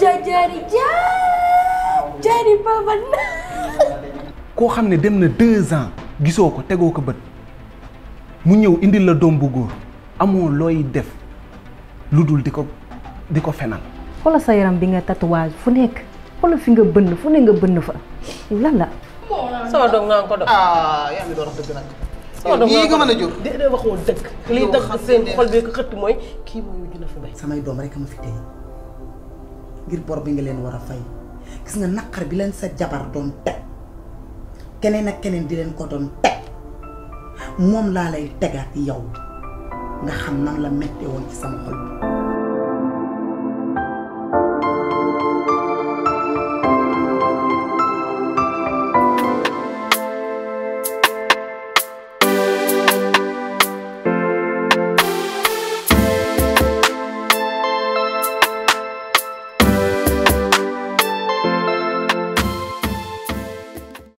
jajari jajari jaari papan koo xam dem na 2 ans gisoo ko tegoo ko bët mu ñew indi la dom bu goor amo loy def lu diko diko fenal wala sa yaram bi nga tatouage fu nek wala fi nga bënd fu ne nga bënd fa yow lan la sama doom nga ko def ah yaa do doon wax dëgg nag sama doom nga iya, ko mën a jur déedéet waxoo dëgg lii dëgg seen xol bi ko xëtt mooy kii mooy bay samay rek ma fi ngir bor bi nga leen war a fay gis nga naqar bi leen sa jabar doon teg keneen ak keneen di leen ko doon teg moom laa lay tegaat yow nga xam na la mettee woon ci sama xol bi